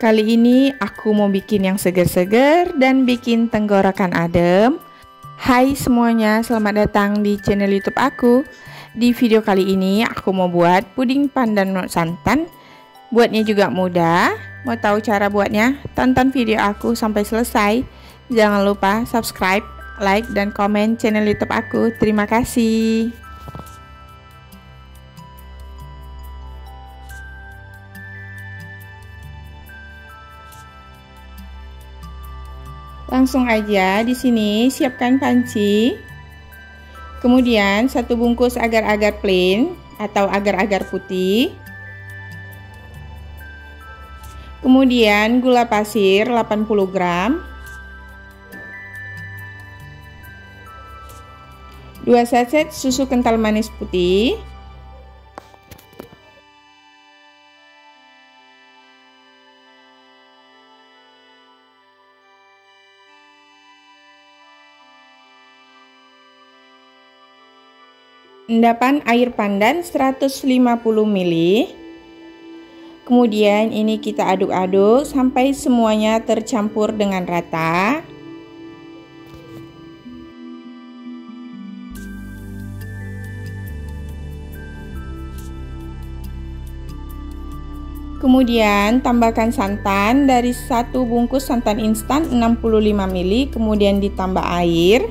Kali ini aku mau bikin yang seger-seger dan bikin tenggorokan adem. Hai semuanya, selamat datang di channel YouTube aku. Di video kali ini aku mau buat puding pandan not santan. Buatnya juga mudah. Mau tahu cara buatnya? Tonton video aku sampai selesai. Jangan lupa subscribe, like, dan komen channel YouTube aku. Terima kasih. Langsung aja di sini siapkan panci. Kemudian satu bungkus agar-agar plain atau agar-agar putih. Kemudian gula pasir 80 gram. 2 saset susu kental manis putih. endapan air pandan 150 ml. Kemudian ini kita aduk-aduk sampai semuanya tercampur dengan rata. Kemudian tambahkan santan dari satu bungkus santan instan 65 ml kemudian ditambah air.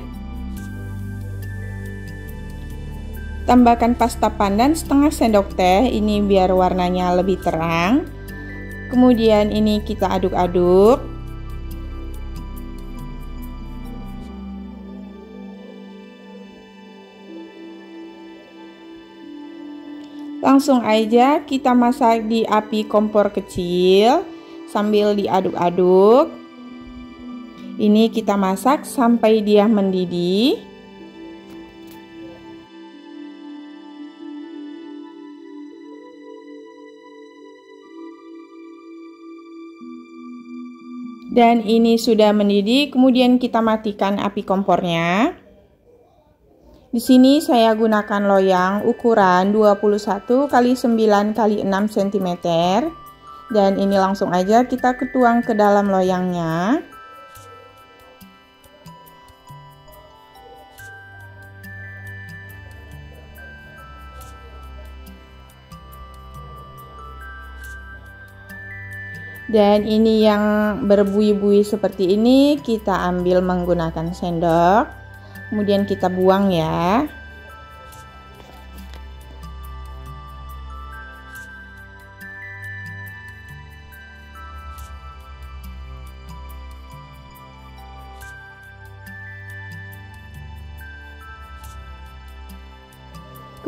Tambahkan pasta pandan setengah sendok teh, ini biar warnanya lebih terang. Kemudian ini kita aduk-aduk. Langsung aja kita masak di api kompor kecil sambil diaduk-aduk. Ini kita masak sampai dia mendidih. dan ini sudah mendidih, kemudian kita matikan api kompornya. Di sini saya gunakan loyang ukuran 21 x 9 kali 6 cm. Dan ini langsung aja kita tuang ke dalam loyangnya. dan ini yang berbuih-buih seperti ini kita ambil menggunakan sendok kemudian kita buang ya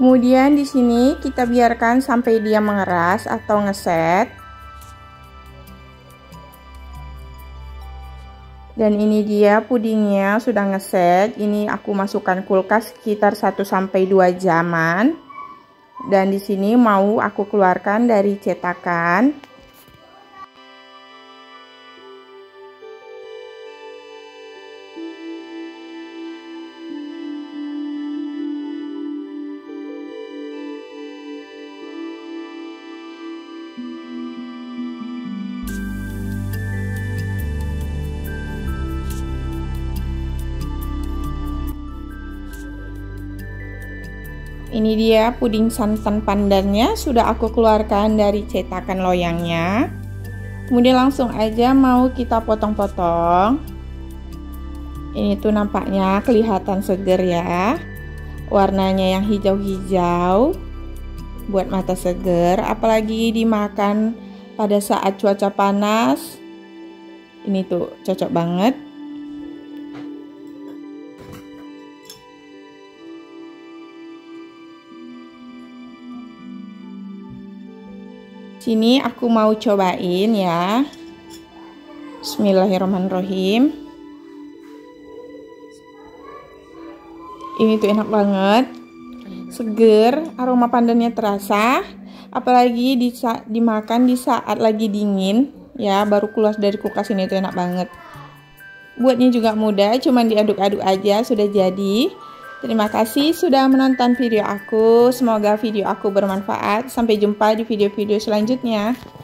Kemudian di sini kita biarkan sampai dia mengeras atau ngeset. Dan ini dia pudingnya sudah ngeset. Ini aku masukkan kulkas sekitar 1 sampai 2 jaman. Dan di sini mau aku keluarkan dari cetakan. Ini dia puding santan pandannya sudah aku keluarkan dari cetakan loyangnya. Kemudian langsung aja mau kita potong-potong. Ini tuh nampaknya kelihatan seger ya. Warnanya yang hijau-hijau buat mata seger, apalagi dimakan pada saat cuaca panas. Ini tuh cocok banget. Sini aku mau cobain ya. Bismillahirrahmanirrahim. Ini tuh enak banget. Seger, aroma pandannya terasa, apalagi di dimakan di saat lagi dingin ya, baru keluar dari kulkas ini tuh enak banget. Buatnya juga mudah, cuman diaduk-aduk aja sudah jadi. Terima kasih sudah menonton video aku. Semoga video aku bermanfaat. Sampai jumpa di video-video selanjutnya.